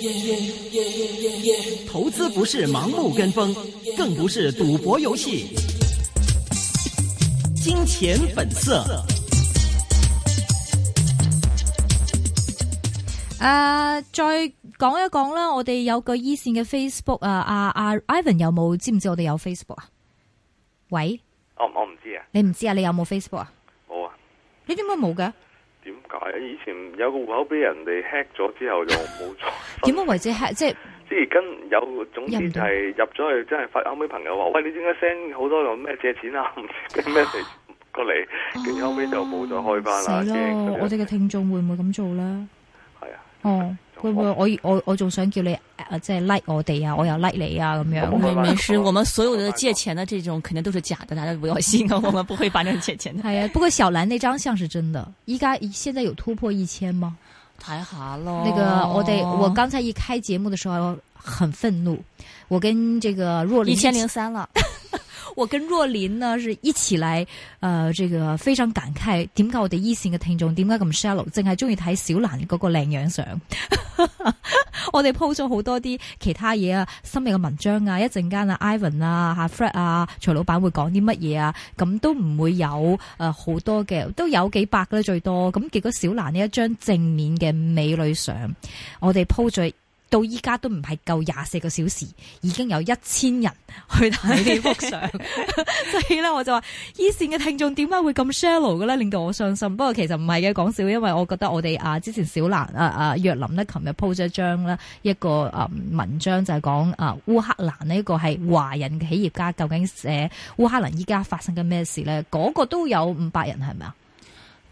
Yeah, yeah, yeah, yeah, yeah…… 投資不是盲目跟風，更不是賭博遊戲。金錢本色。誒、uh，再講一講啦，我哋有個一線嘅 Facebook 啊，阿阿 Ivan 有冇知唔知我哋有 Facebook 啊？喂，oh, 我我唔知啊，你唔知啊？你有冇 Facebook 啊、oh.？冇啊，你點解冇嘅？點解？以前有個戶口俾人哋 hack 咗之後就冇咗。點樣為之 hack？即係即係跟有就是，總之係入咗去，真係發。後尾朋友話：喂，你點解 send 好多個咩借錢啊？唔知咩嚟過嚟，跟住後尾就冇再開返啦。我哋嘅聽眾會唔會咁做咧？係啊。哦，會不會我我我總想叫你，即係 like 我哋啊，我又 like 你啊，咁樣？是我，我，我，我們所有的借錢的這種肯定都是假的，大家不要信啊、哦，我們不會把這種借錢的。哎呀，不過小蘭那張像是真的，應該現在有突破一千嗎？太好了。那個我得，我剛才一開節目的時候很憤怒，我跟這個若琳一千零三了。 我跟若琳呢，是一起來，誒、呃，這個非常感慨。點解我哋一線嘅聽眾，點解咁 shallow？淨係中意睇小蘭嗰個靚樣相。 我哋鋪咗好多啲其他嘢啊，深入嘅文章啊，一陣間啊，Ivan 啊，Fred 啊，徐老闆會講啲乜嘢啊，咁都唔會有誒，好多嘅都有幾百啦，最多。咁結果小蘭呢一張正面嘅美女相，我哋鋪咗。到依家都唔係夠廿四個小時，已經有一千人去睇呢幅相， 所以咧我就話：以前嘅聽眾點解會咁 shallow 嘅咧？令到我傷心。不過其實唔係嘅，講笑，因為我覺得我哋啊之前小蘭啊啊若林呢，琴日 po 咗一張咧一個啊文章就，就係講啊烏克蘭呢一個係華人嘅企業家，究竟寫、啊、烏克蘭依家發生緊咩事咧？嗰、那個都有五百人係咪啊？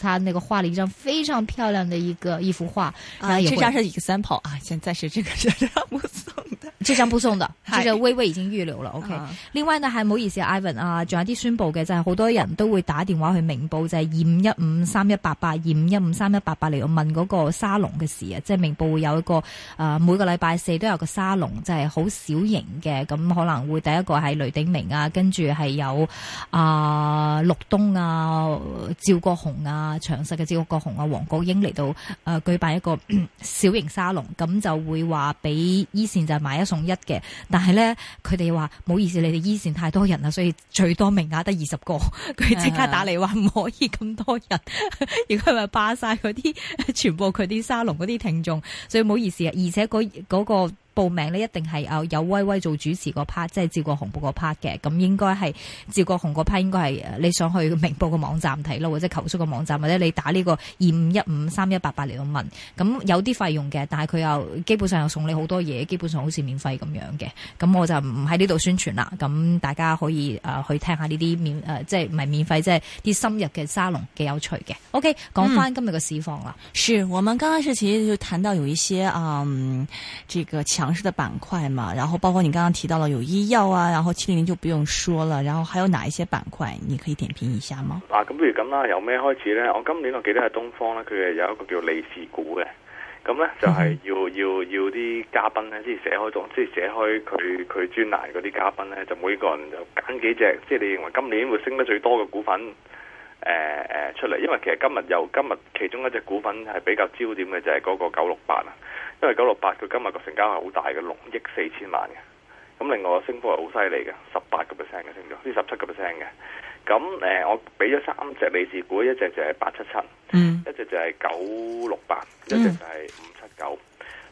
他那個畫了一張非常漂亮的一個一幅畫，啊，這張是 example 啊，現在是這個這張不送的，這張不送的， 這個微微已經預留了 OK，、啊、另外呢，係唔好意思，Ivan 啊，仲有啲宣布嘅就係、是、好多人都會打電話去明報，就係二五一五三一八八二五一五三一八八嚟問嗰個沙龍嘅事啊，即、就、係、是、明報會有一個啊、呃，每個禮拜四都有個沙龍，就係、是、好小型嘅，咁可能會第一個係雷鼎明啊，跟住係有啊、呃、陸東啊、趙國雄啊。啊！詳細嘅趙國雄啊，黃國英嚟到，誒、呃，舉辦一個小型沙龍，咁就會話俾醫善就買一送一嘅。但係咧，佢哋話唔好意思，你哋醫善太多人啦，所以最多名額得二十個。佢即刻打嚟話唔可以咁多人，如果佢咪霸晒嗰啲，全部佢啲沙龍嗰啲聽眾，所以唔好意思啊。而且嗰、那、嗰個。報名呢一定係有威威做主持個 part，即係趙國雄報個 part 嘅，咁應該係趙國雄個 part 應該係你想去明報個網站睇咯，或者求叔個網站，或者你打呢個二五一五三一八八嚟度問，咁有啲費用嘅，但係佢又基本上又送你好多嘢，基本上好似免費咁樣嘅，咁我就唔喺呢度宣傳啦，咁大家可以誒、呃、去聽下呢啲免誒即係唔係免費，即係啲深入嘅沙龍，幾有趣嘅。OK，講翻今日嘅市況啦，嗯。是我們剛開始其實就談到有一些嗯，這個強勢的板塊嘛，然後包括你剛剛提到了有醫藥啊，然後七零零就不用說了，然後還有哪一些板塊你可以點評一下嗎？啊咁不如咁啦，由咩開始呢？我今年我記得係東方咧，佢係有一個叫利、嗯、是股嘅，咁呢就係要要要啲嘉賓呢，即係寫開即係寫開佢佢專欄嗰啲嘉賓呢，就每個人就揀幾隻，即係你認為今年會升得最多嘅股份，誒、呃、誒、呃、出嚟，因為其實今日由今日其中一隻股份係比較焦點嘅，就係、是、嗰個九六八啊。因為九六八佢今日個成交係好大嘅，六億四千萬嘅，咁另外個升幅係好犀利嘅，十八個 percent 嘅升咗，呢十七個 percent 嘅。咁誒、呃，我俾咗三隻利是股，一隻就係八七七，嗯，一隻就係九六八，一隻就係五七九。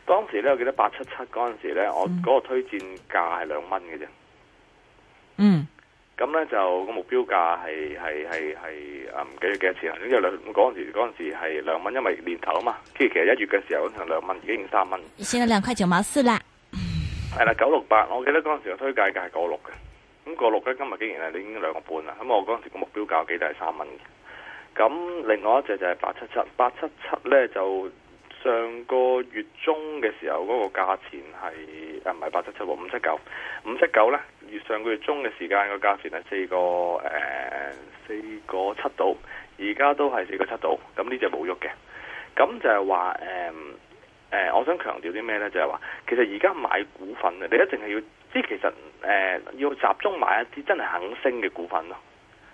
當時咧，我記得八七七嗰陣時咧，我嗰個推薦價係兩蚊嘅啫，嗯、mm.。咁咧就個目標價係係係係誒，唔記得幾多錢，因為兩嗰陣時嗰陣時係兩蚊，因為年頭啊嘛，跟住其實一月嘅時候嗰陣係兩蚊，已經變三蚊。先到兩塊九毛四啦，係啦九六八，我記得嗰陣時推介嘅係九六嘅，咁九六咧今日竟然係已經兩個半啦，咁我嗰陣時個目標價幾大係三蚊嘅，咁另外一隻就係八七七，八七七咧就。上個月中嘅時候那個價錢是，嗰個價錢係誒唔係八七 9, 七喎，五七九，五七九咧。上個月中嘅時間個價錢係四個誒四個七度，而家都係四個七度。咁呢隻冇喐嘅，咁就係話誒誒，我想強調啲咩呢？就係、是、話其實而家買股份咧，你一定係要即其實誒、呃、要集中買一啲真係肯升嘅股份咯。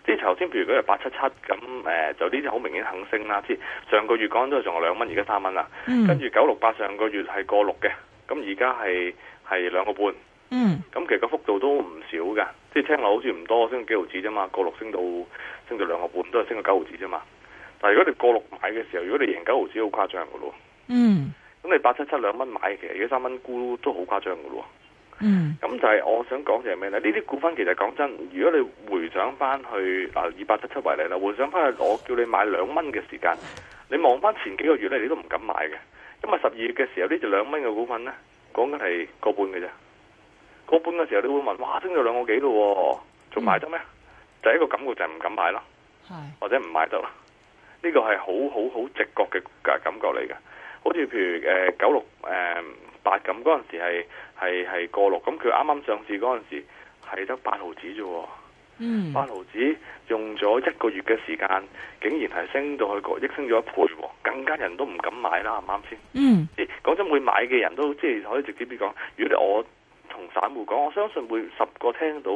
即係頭先，譬如嗰個八七七咁，誒就呢啲好明顯肯升啦。即係上個月講咗，仲有兩蚊，而家三蚊啦。跟住九六八上個月係過六嘅，咁而家係係兩個半。嗯，咁其實個幅度都唔少嘅。即係聽落好似唔多，升到幾毫子啫嘛。過六升到升到兩個半，都係升到九毫子啫嘛。但係如果你過六買嘅時候，如果你贏九毫子，好誇張嘅咯。嗯，咁你八七七兩蚊買，其實而家三蚊沽都好誇張嘅咯。嗯，咁就係我想講就係咩呢？呢啲股份其實講真，如果你回想翻去嗱，以八七七為例啦，回想翻去我叫你買兩蚊嘅時間，你望翻前幾個月咧，你都唔敢買嘅。因為十二月嘅時候呢，隻兩蚊嘅股份呢，講緊係個半嘅啫。個半嘅時候你會問，哇，升咗兩個幾咯，仲買得咩？第、嗯就係、一個感覺就係唔敢買啦，或者唔買得啦。呢、這個係好好好直覺嘅嘅感覺嚟嘅。好似譬如誒九六誒八咁嗰陣時係係係過六，咁佢啱啱上市嗰陣時係得八毫子啫喎，八、嗯、毫子用咗一個月嘅時間，竟然係升到去個，億升咗一倍，更加人都唔敢買啦，啱唔啱先？嗯，欸、講真，會買嘅人都即係可以直接啲講，如果你我同散戶講，我相信每十個聽到，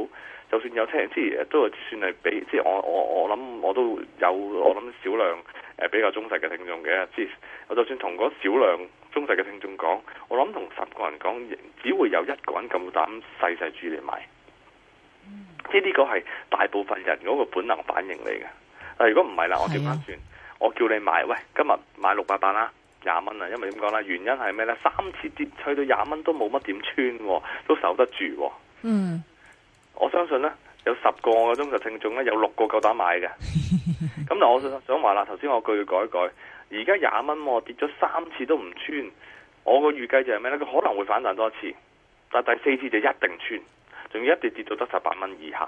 就算有聽，即係都係算係俾，即係我我我諗我都有，我諗少量。誒比較忠實嘅聽眾嘅，即係、啊、我就算同嗰少量忠實嘅聽眾講，我諗同十個人講，只會有一個人咁膽細細住嚟買。即係呢個係大部分人嗰個本能反應嚟嘅。啊，如果唔係啦，我調翻算、啊？我叫你買，喂，今日買六百八啦，廿蚊啊，因為點講咧？原因係咩咧？三次跌去到廿蚊都冇乜點穿，都守得住。嗯，我相信咧。有十個嘅中集聽眾咧，有六個夠膽買嘅。咁但我想話啦，頭先我句要改一改。而家廿蚊喎跌咗三次都唔穿，我個預計就係咩呢？佢可能會反彈多一次，但第四次就一定穿，仲要一跌跌到得十八蚊以下。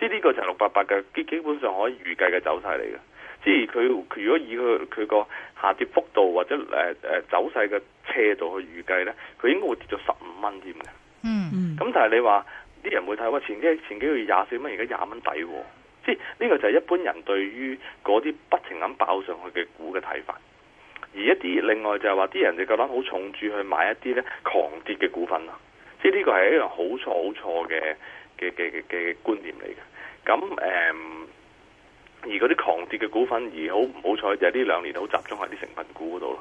即係呢個就係六八八嘅基基本上可以預計嘅走勢嚟嘅。即係佢佢如果以佢佢個下跌幅度或者誒誒走勢嘅斜度去預計呢，佢應該會跌到十五蚊添嘅。咁、嗯嗯、但係你話。啲人會睇話前幾前幾個月廿四蚊，而家廿蚊抵喎，即係呢個就係一般人對於嗰啲不停咁爆上去嘅股嘅睇法。而一啲另外就係話啲人就覺得好重注去買一啲咧狂跌嘅股份咯，即係呢個係一樣好錯好錯嘅嘅嘅嘅觀念嚟嘅。咁、嗯、而嗰啲狂跌嘅股份而好唔好彩就係呢兩年都好集中喺啲成分股嗰度。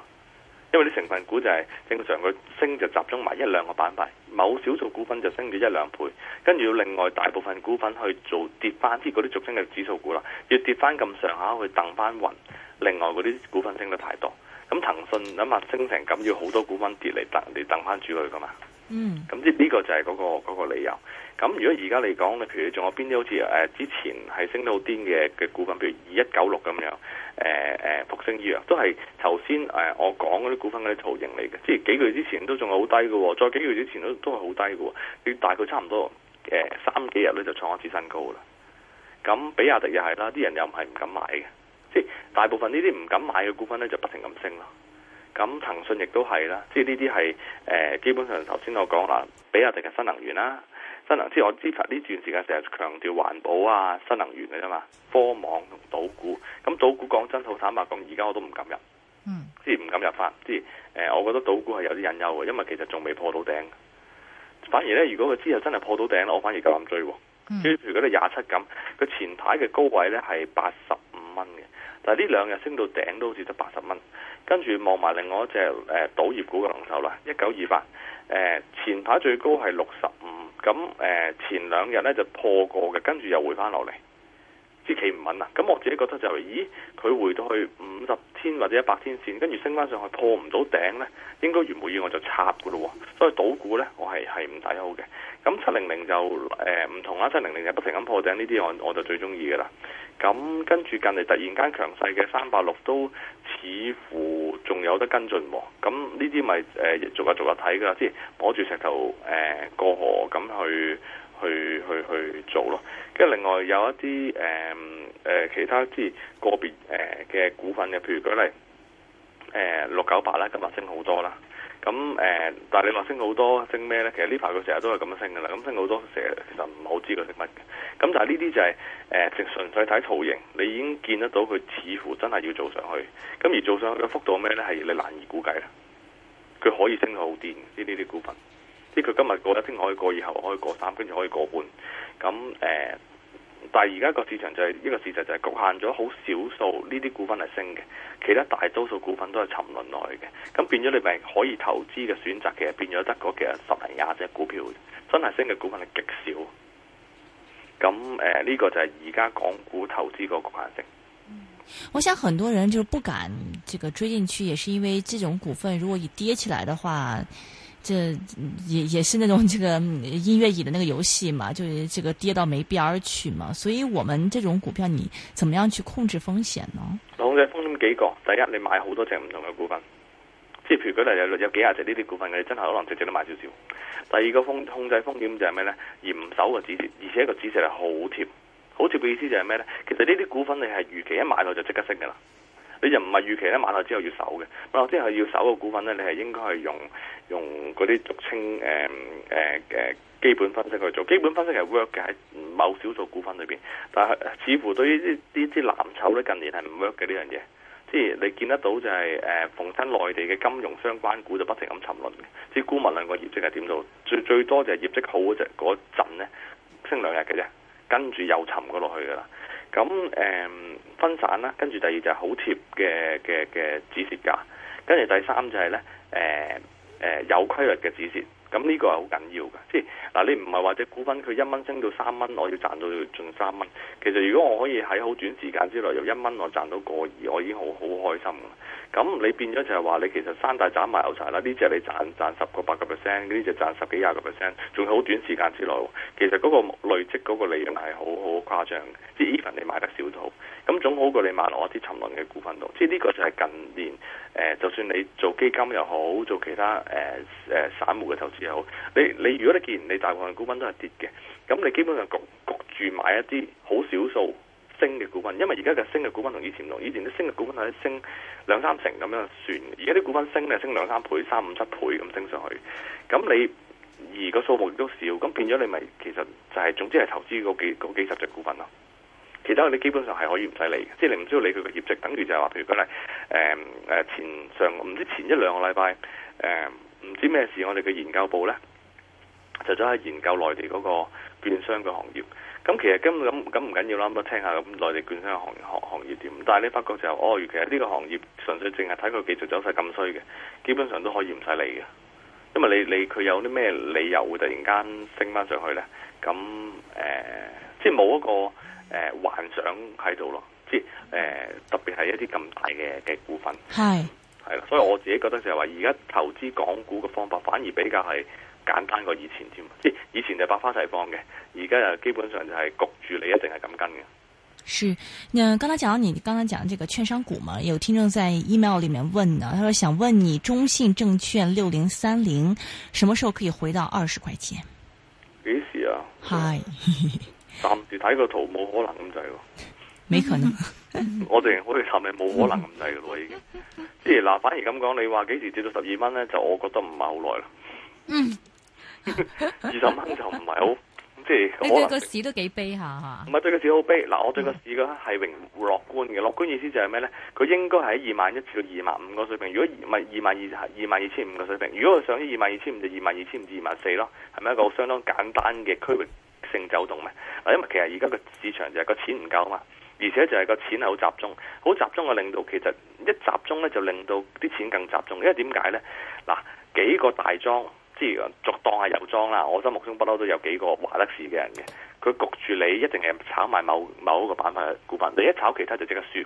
因為啲成分股就係正常佢升就集中埋一兩個板塊，某少數股份就升咗一兩倍，跟住要另外大部分股份去做跌翻，即嗰啲俗稱嘅指數股啦，要跌翻咁上下去掟翻匀，另外嗰啲股份升得太多，咁騰訊諗下升成咁，要好多股份跌嚟掟嚟掟翻住佢噶嘛？嗯，咁即呢個就係嗰個嗰個理由。咁如果而家嚟講咧，譬如仲有邊啲好似誒之前係升到癲嘅嘅股份，譬如二一九六咁樣，誒誒，復星醫藥都係頭先誒我講嗰啲股份嗰啲圖形嚟嘅，即係幾個月之前都仲係好低嘅，再幾個月之前都都係好低嘅，佢大概差唔多誒三幾日咧就創一次新高啦。咁比亞迪又係啦，啲人又唔係唔敢買嘅，即係大部分呢啲唔敢買嘅股份咧，就不停咁升咯。咁騰訊亦都係啦，即係呢啲係誒，基本上頭先我講啦，比亞迪嘅新能源啦，新能源即係我知法呢段時間成日強調環保啊、新能源嘅啫嘛，科網同賭股，咁賭股講真好坦白講，而家我都唔敢入，嗯，即係唔敢入返。即係誒，我覺得賭股係有啲隱憂嘅，因為其實仲未破到頂，反而咧，如果佢之後真係破到頂咧，我反而夠膽追喎。譬、嗯、如果咧廿七咁，佢前排嘅高位咧係八十五蚊嘅。但係呢兩日升到頂都好似得八十蚊，跟住望埋另外一隻誒賭、呃、業股嘅龍頭啦，一九二八前排最高係六十五，咁前兩日咧就破過嘅，跟住又回翻落嚟，支旗唔穩啊！咁我自己覺得就係、咦，佢回到去五十天或者一百天線，跟住升翻上去破唔到頂咧，應該原本以為我就插嘅咯喎，所以賭股咧我係係唔抵好嘅。咁七零零就誒唔同啦，七零零就不停咁破頂，呢啲我我就最中意噶啦。咁跟住近嚟突然間強勢嘅三八六都似乎仲有得跟進喎。咁呢啲咪誒逐個逐個睇噶啦，即係摸住石頭誒、呃、過河咁去去去去做咯。跟住另外有一啲誒、呃、其他即係個別嘅股份嘅，譬如舉例誒六九八啦，呃、698，今日升好多啦。咁誒，但你話升好多，升咩咧？其實呢排佢成日都係咁樣升噶啦。咁升好多成日其實唔好知佢食乜嘅。咁但係呢啲就係、是、誒，淨、呃、純粹睇圖形，你已經見得到佢似乎真係要做上去。咁而做上去嘅幅度咩咧？係你難以估計啦。佢可以升到好電啲呢啲股份，即佢今日過一升可以過以後可以過三，跟住可以過半。咁誒。呃但係而家個市場就係一個事實，就係局限咗好少數呢啲股份係升嘅，其他大多數股份都係沉淪落去嘅。咁變咗你咪可以投資嘅選擇，其實變咗得嗰幾十零廿隻股票真係升嘅股份係極少。咁誒呢個就係而家港股投資個局限性。我想很多人就唔敢這個追進去，也是因為這種股份如果一跌起來的話。這也也是那種這個音樂椅的那個遊戲嘛，就是，這個跌到沒邊兒去嘛，所以我們這種股票你怎麼樣去控制風險呢？控制風險幾個，第一你買好多隻唔同嘅股份，即係譬如舉例有有幾廿隻呢啲股份，你真係可能隻只都買少少。第二個風控制風險就係咩咧？嚴守個止蝕，而且一個止蝕係好貼，好貼嘅意思就係咩呢？其實呢啲股份你係預期一買落就即刻升嘅啦。你就唔係預期咧，買落之後要守嘅，買落之後要守嘅股份咧，你係應該係用用嗰啲俗稱誒誒誒基本分析去做。基本分析係 work 嘅喺某少數股份裏邊，但係似乎對於呢啲啲藍籌咧，近年係唔 work 嘅呢樣嘢。即係你見得到就係、是、誒、呃，逢親內地嘅金融相關股就不停咁沉淪嘅。即係股民兩個業績係點做？最最多就係業績好嗰陣嗰陣咧，升兩日嘅啫，跟住又沉咗落去噶啦。咁誒、嗯、分散啦，跟住第二就係好貼嘅嘅嘅止蝕價，跟住第三就係咧誒誒有規律嘅止蝕。咁呢個係好緊要嘅，即係嗱，你唔係話隻股份佢一蚊升到三蚊，我要賺到盡三蚊。其實如果我可以喺好短時間之內由一蚊我賺到個二，我已經好好開心嘅。咁你變咗就係話，你其實山大斬埋有柴啦，呢隻你賺賺十個百個 percent，呢隻賺十幾廿個 percent，仲係好短時間之內。其實嗰個累積嗰個利潤係好好誇張，即係 even 你買得少都好，咁總好過你買落一啲沉淪嘅股份度。即係呢個就係近年就算你做基金又好，做其他 uh, uh, 散戶嘅投資。又好你你如果你既然你大部分嘅股份都係跌嘅，咁你基本上焗焗住買一啲好少數升嘅股份，因為而家嘅升嘅股份同以前同以前啲升嘅股份係升兩三成咁樣算，而家啲股份升咧升兩三倍、三五七倍咁升上去，咁你而個數目亦都少，咁變咗你咪其實就係、是、總之係投資嗰幾，幾十隻股份咯。其他你基本上係可以唔使理，即、就、係、是、你唔需要理佢嘅業績，等於就係話譬如佢係誒誒前上唔知前一兩個禮拜誒。嗯啲咩事？我哋嘅研究部呢，就走去研究內地嗰個券商嘅行業。咁其實今咁咁唔緊要啦，咁聽下咁內地券商行行行業點。但係你發覺就哦，其實呢個行業純粹淨係睇佢技術走勢咁衰嘅，基本上都可以唔使理嘅。因為你你佢有啲咩理由會突然間升翻上去呢？咁、呃、即係冇一個誒、呃、幻想喺度咯。即係、呃、特別係一啲咁大嘅嘅股份。係。係啦，所以我自己覺得就係話，而家投資港股嘅方法反而比較係簡單過以前添，即係以前就是百花齊放嘅，而家啊基本上就係焗住你一定係咁跟嘅。是，那剛才講到你剛才講這個券商股嘛，有聽眾在 email 裏面問呢，他說想問你中信證券六零三零什麼時候可以回到二十塊錢？幾時啊？Hi， 暫時睇個圖冇可能咁滯喎。 沒可能，我哋我哋尋日冇可能咁滯噶咯，已經。即係嗱，反而咁講，你話幾時跌到十二蚊咧？就我覺得唔係好耐啦。嗯， 二十蚊就唔係好，即係我。你對個市都幾悲下吓？唔係對個市好悲。嗱， 我對個市嘅係永樂觀嘅。樂、嗯、觀意思就係咩咧？佢應該係喺二萬一至到二萬五個水平。如果唔係二萬二、二萬二千五個水平，如果佢上咗二萬二千五，就二萬二千五至二萬四咯，係咪一個相當簡單嘅區域性走動咩？嗱，因為其實而家個市場就係、是、個錢唔夠啊嘛。而且就係個錢係好集中，好集中嘅令到其實一集中呢，就令到啲錢更集中，因為點解呢？嗱，幾個大莊，即係作當係遊莊啦。我心目中不嬲都有幾個華德士嘅人嘅，佢焗住你一定係炒埋某某一個板塊股份，你一炒其他就即刻輸。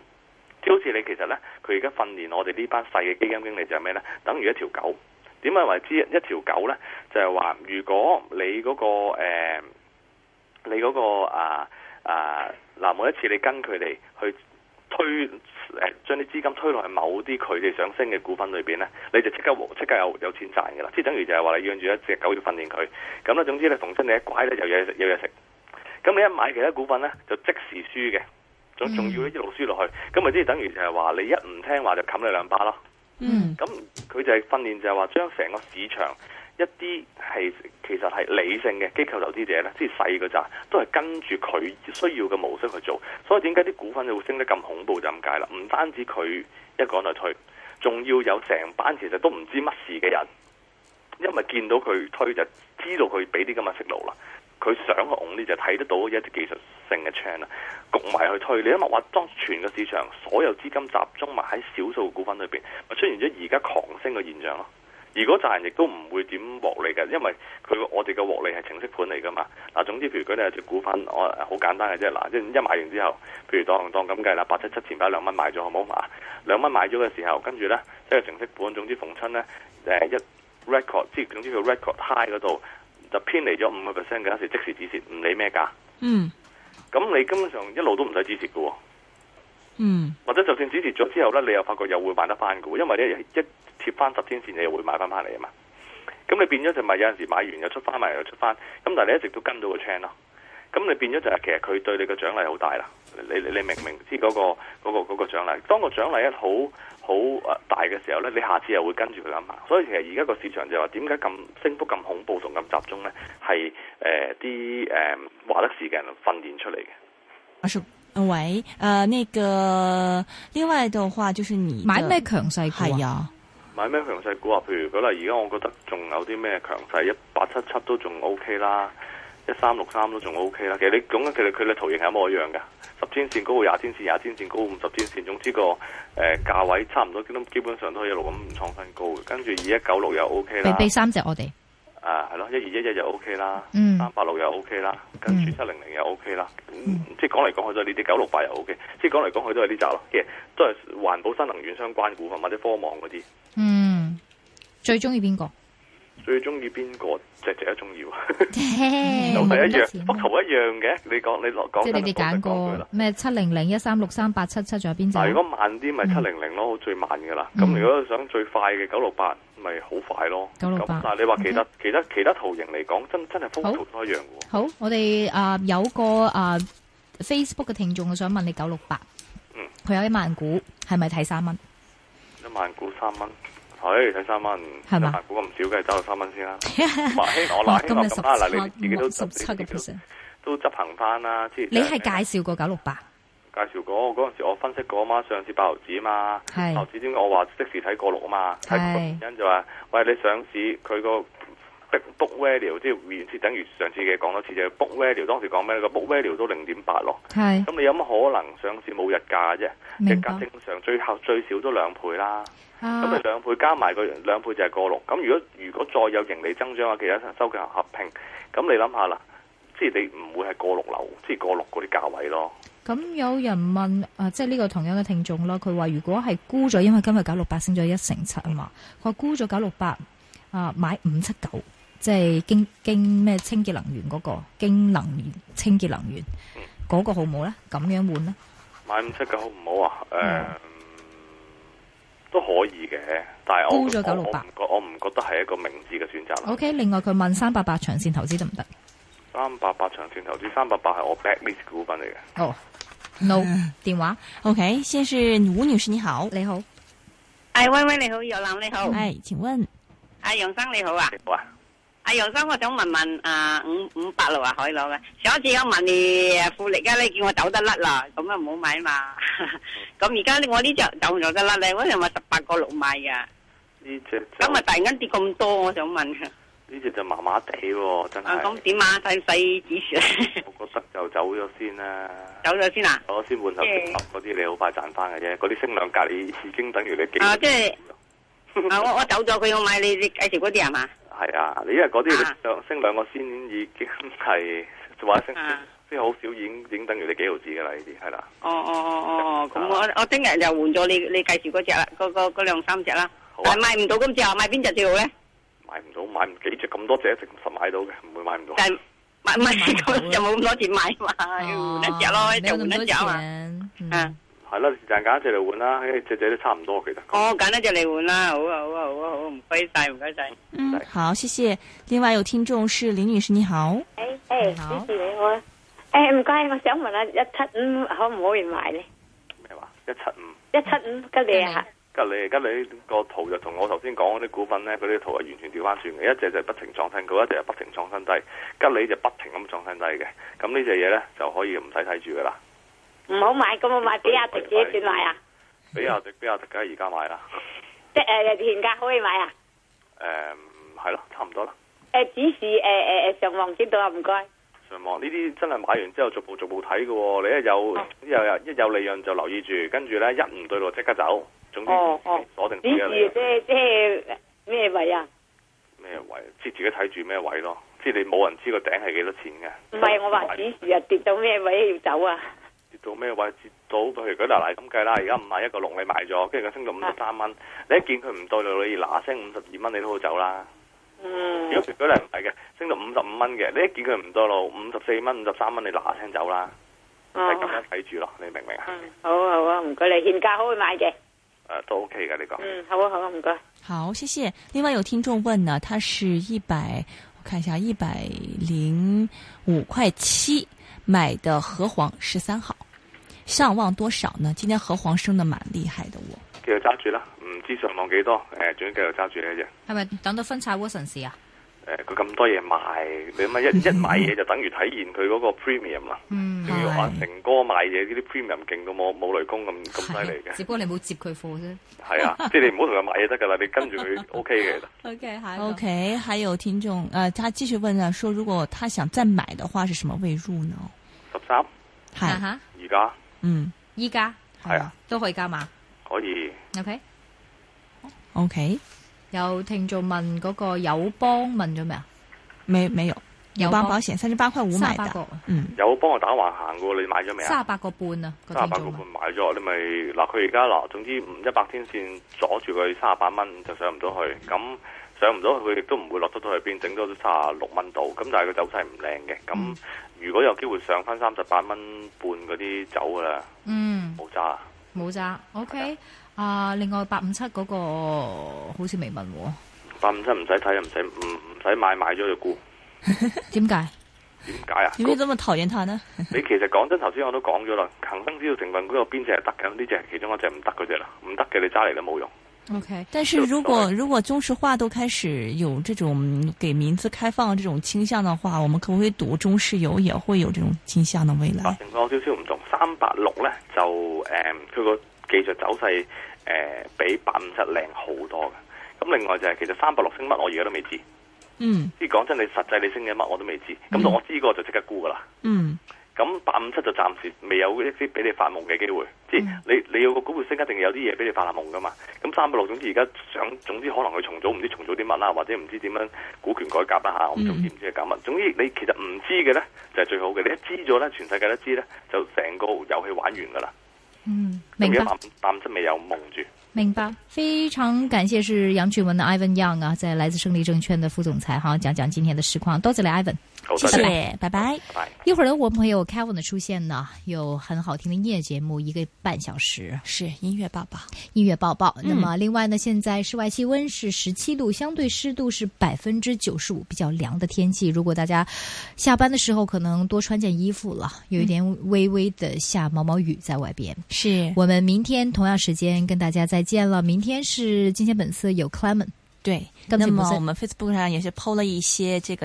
即好似你其實呢，佢而家訓練我哋呢班細嘅基金經理就係咩呢？等於一條狗。點解為之一條狗呢？就係、係、話如果你嗰、嗰個、呃、你嗰、嗰個啊啊。呃呃嗱，每一次你跟佢哋去推，誒將啲資金推落去某啲佢哋想升嘅股份裏面，咧，你就即刻即刻有有錢賺嘅啦，即係等於就係話你養住一隻狗要訓練佢，咁咧總之咧逢親你一拐咧就有有嘢食，咁你一買其他股份咧就即時輸嘅，仲仲要一路落輸落去，咁咪即係等於就係話你一唔聽話就冚你兩巴咯，嗯，咁佢就係訓練就係話將成個市場。一啲係其實係理性嘅機構投資者呢，即係細嗰咋，都係跟住佢需要嘅模式去做，所以點解啲股份就會升得咁恐怖就咁解啦。唔單止佢一個人去推，仲要有成班其實都唔知乜事嘅人，因為見到佢推就知道佢俾啲咁嘅息路啦。佢想去紅呢就睇得到一啲技術性嘅 chan 啦，焗埋去推。你因為話當全個市場所有資金集中埋喺少數股份裏邊，咪出現咗而家狂升嘅現象咯。如果賺亦都唔會點獲利嘅，因為佢我哋嘅獲利係程式盤嚟噶嘛。嗱，總之譬如佢哋係做股份，我好簡單嘅啫。嗱，即係一買完之後，譬如當當咁計啦，八七七前把兩蚊買咗，好唔好嘛？兩蚊買咗嘅時候，跟住咧即係程式盤，總之逢親咧誒一 record，即係總之叫 record high 嗰度就偏離咗五個 percent 嘅，於是即時止蝕，唔理咩價。嗯。咁你根本上一路都唔使止蝕嘅喎。嗯、mm.。或者就算止蝕咗之後咧，你又發覺又會買得翻嘅，因為呢。一。接翻十天線你又會買翻翻嚟啊嘛，咁你變咗就咪有陣時買完又出翻埋又出翻，咁但係你一直都跟到個 chan 咯，咁你變咗就係其實佢對你嘅獎勵好大啦，你你明唔明知嗰個嗰個嗰個獎勵？當個獎勵一好好大嘅時候咧，你下次又會跟住佢咁行。所以其實而家個市場就係話，點解咁升幅咁恐怖同咁集中咧？係誒啲誒話得事嘅人訓練出嚟嘅。阿叔，喂，誒，呢個另外的話就是你買咩強勢股啊？買咩強勢股啊？譬如嗰嚟，而家我覺得仲有啲咩強勢？一八七七都仲 O K 啦，一三六三都仲 O K 啦。其實你講嘅其實佢嘅圖形係一模一樣嘅，十天線高過廿天線，廿天線高五十天線，總之、個、呃、價位差唔多，基本上都可以一路咁創新高嘅。跟住二一九六又 O K 啦。你俾三隻我哋。啊，係咯，一二一一又 OK 啦，三八六又 OK 啦，跟住七零零又 OK 啦，嗯、即係講嚟講去都係呢啲，九六八又 OK，即係講嚟講去都係呢紮咯，其實都係環保新能源相關股份或者科網嗰啲。嗯，最中意邊個？最中意邊個？即係只一中意喎，都係一樣，幅圖一樣嘅。你講你落講，即係你哋揀過咩？七零零一三六三八七七仲有邊隻？嗱，如果慢啲咪七零零咯、嗯，最慢噶啦。咁、嗯、如果想最快嘅九六八。咪好快咯，九六八。但你話其實、okay，其他其他圖形嚟講，真真係幅幅都一樣嘅。好，我哋啊、uh, 有個啊、uh, Facebook 嘅聽眾，我想問你九六八，嗯，佢有一萬股，係咪睇三蚊？一萬股三蚊，係睇三蚊，一萬股咁少嘅，揸到三蚊先啦。今日十七嘅 percent 都執行翻啦。你係、啊、介紹過九六八？介紹過嗰陣時，我分析過，啊嘛，上次爆樓子嘛，樓紙點解我話即時睇過六啊嘛？過原因就話、是，喂，你上市佢個 book value 即係原始，等於上次嘅講多次就 book value。當時講咩個 book value 都零點八咯，咁你有乜可能上市冇日價啫？日價正常，最最少都兩倍啦。咁、啊、你兩倍加埋個兩倍就係過六。咁如果如果再有盈利增長嘅，其他收購合併，咁你諗下啦，即係你唔會係過六樓，即係過六嗰啲價位咯。咁有人問啊，即係呢個同樣嘅聽眾啦，佢話如果係沽咗，因為今日九六八升咗一成七啊嘛，佢沽咗九六八啊，買五七九，9, 即係經經咩清潔能源嗰、那個經能源清潔能源嗰、嗯那個好唔好咧？咁樣換咧？買五七九好唔好啊？誒、呃、都可以嘅，但係沽咗九六八，我我唔覺得係一個明智嘅選擇。OK，另外佢問三八八長線投資得唔得？三百八,八長線投資，三百八係我 Blacklist 股份嚟嘅。哦、oh.，No、嗯、電話，OK，先是吳女士你好，你好。哎，喂喂你好，楊林你好。哎，請問，阿、哎、楊生你好啊。好、哎、啊。阿楊生，我想問問啊、呃，五五八六啊，海佬啊。上一次我問你富力家，家咧叫我走得甩啦，咁啊唔好買啊嘛。咁而家我走走呢隻走就得甩咧，我哋話十八個六買噶、啊。呢隻。今日突然間跌咁多，我想問。呢隻就麻麻地喎，真係。咁點啊？細細指數我覺得就走咗先啦。走咗先啦、啊。我先換頭集合嗰啲，你好快賺翻嘅啫。嗰啲升兩格，你已經等於你幾多？啊，即係 啊，我我走咗佢，我買你你介紹嗰啲係嘛？係啊，你因為嗰啲升升兩個先已經係話升，即係好少，已經已經等於你幾毫子噶啦，呢啲係啦。哦哦哦哦咁、哦哦嗯嗯、我我聽日就換咗你你介紹嗰隻啦，嗰個兩,兩,兩三隻啦，但係買唔到咁隻，賣邊隻最好咧？買唔到，買唔幾隻咁多隻，一直實買到嘅，唔會買唔到。但係買唔買，又冇咁多錢買嘛，換、哦、一隻咯，就換一隻嘛。啊、嗯、係、嗯、啦，陣間一隻嚟換啦，只只都差唔多其實。哦，揀一隻嚟換啦，好啊好啊好啊好啊，唔該晒唔該晒。嗯，好，謝謝。另外有聽眾是林女士，你好。誒誒，女士你好啊。誒，唔該、hey,，我想問一下一七五可唔可以買咧？咩話？一七五。一七五，跟住啊。1, 7, 隔籬，隔籬個圖就同我頭先講嗰啲股份咧，啲圖係完全調翻轉嘅，一隻就不停創新高，一隻又不停創新低，隔籬就是不停咁創新低嘅。咁呢隻嘢咧就可以唔使睇住噶啦。唔好買，咁我買比亞迪幾多錢買啊。比亞迪，比亞迪，梗係而家買啦。即係誒，現價可以買啊？誒，係咯，差唔多啦。誒，指示誒誒誒，上網先到啊，唔該。上網呢啲真係買完之後逐步逐步睇嘅、哦。你一有、哦，一有，一有利潤就留意住，跟住咧一唔對路即刻走。總之哦哦，指示即即咩位啊？咩位？即自己睇住咩位咯？即你冇人知個頂係幾多錢嘅。唔係，我話指示啊，跌到咩位要走啊？跌到咩位？跌到譬如舉例嚟咁計啦，而家五萬一個六你買咗，跟住佢升到五十三蚊，你一見佢唔對路，你嗱聲五十二蚊你都好走啦。嗯、如果佢例唔係嘅，升到五十五蚊嘅，你一見佢唔對路，五十四蚊、五十三蚊，你嗱聲走啦。哦。咁、就是、樣睇住咯，你明唔明啊？嗯、好啊好啊，唔該你現價開買嘅。誒，都 OK 嘅呢個。嗯，好啊，好啊，唔該。好，謝謝。另外有聽眾問呢，他是一百，我看一下，一百零五塊七買的和黃十三號，上望多少呢？今天和黃升得蠻厲害的，哦，我繼續揸住啦。唔知上望幾多，誒、呃，仲要繼續揸住呢？只係咪等到分拆 Watsons 時啊？誒、呃，佢咁多嘢賣，你諗下一一買嘢就等於體現佢嗰個 premium 啦。嗯，仲要話成哥買嘢呢啲 premium 勁到冇冇雷公咁咁犀利嘅。只不過你唔好接佢貨啫，係啊， 即係你唔好同佢買嘢得噶啦，你跟住佢 OK 嘅、 okay,。OK，好。OK，喺有，聽眾誒，佢繼續問啦，說如果他想再買的話，是什麼位入呢？十三。係。而家。嗯，依家。係啊。都可以加碼。可以。OK。OK。有聽眾問嗰個友邦問咗未啊？未，沒有。友邦保險三十八塊五買噶。嗯，有幫我打橫行噶，你買咗未啊？三十八個半啊，個聽眾。三十八個半買咗，你咪嗱，佢而家嗱，總之一百天線阻住佢三十八蚊就上唔到去，咁上唔到去，佢亦都唔會落得咗去邊，整到咗三十六蚊度，咁但係佢走勢唔靚嘅，咁如果有機會上翻三十八蚊半嗰啲走噶啦。嗯。冇揸。冇揸。O K。啊！另外八五七嗰個好似未問喎，八五七唔使睇，又唔使唔唔使買，買咗就沽。點 解？點解啊？點解咁討厭他呢？ 你其實講真，頭先我都講咗啦，恒生指數成分股有邊隻係得嘅，呢隻係其中一隻唔得嗰隻啦，唔得嘅你揸嚟都冇用。OK，但是如果如果中石化都開始有這種給名字開放嘅這種傾向嘅話，我們可唔可以賭中石油也會有這種傾向嘅未來？啊，成個少少唔同，三百六咧就誒佢個。嗯技術走勢，誒比八五七靚好多嘅。咁另外就係其實三百六升乜，我而家都未知。嗯。即係講真，你實際你升嘅乜我都未知。嗯。咁我知個就即刻估噶啦。嗯。咁八五七就暫時未有一啲俾你發夢嘅機會。即係你你有個股票升一定有啲嘢俾你發下夢噶嘛。咁三百六總之而家想總之可能佢重組唔知重組啲乜啦，或者唔知點樣股權改革啦嚇，我仲知唔知係搞乜？總之你其實唔知嘅咧就係最好嘅。你一知咗咧，全世界都知咧，就成個遊戲玩完噶啦。嗯，明白。擔心沒有蒙住，明白。非常感謝，是楊俊文的 Ivan Young 啊，在來自勝利證券的副總裁哈、啊，講講今天的實況。多謝你，Ivan。謝謝拜拜，拜拜。一會兒呢，我們會有 Kevin 的出現呢，有很好聽的音樂節目，一個半小時，是音樂抱抱。音樂抱抱，嗯。那麼，另外呢，現在室外氣溫是十七度，嗯，相對濕度是百分之九十五，比較涼的天氣。如果大家下班的時候，可能多穿件衣服了，嗯。有一點微微的下毛毛雨在外邊。是我們明天同樣時間跟大家再見了。明天是《金錢本色》有 Clement。對，剛。那麼我們 Facebook 上也是剖了一些這個。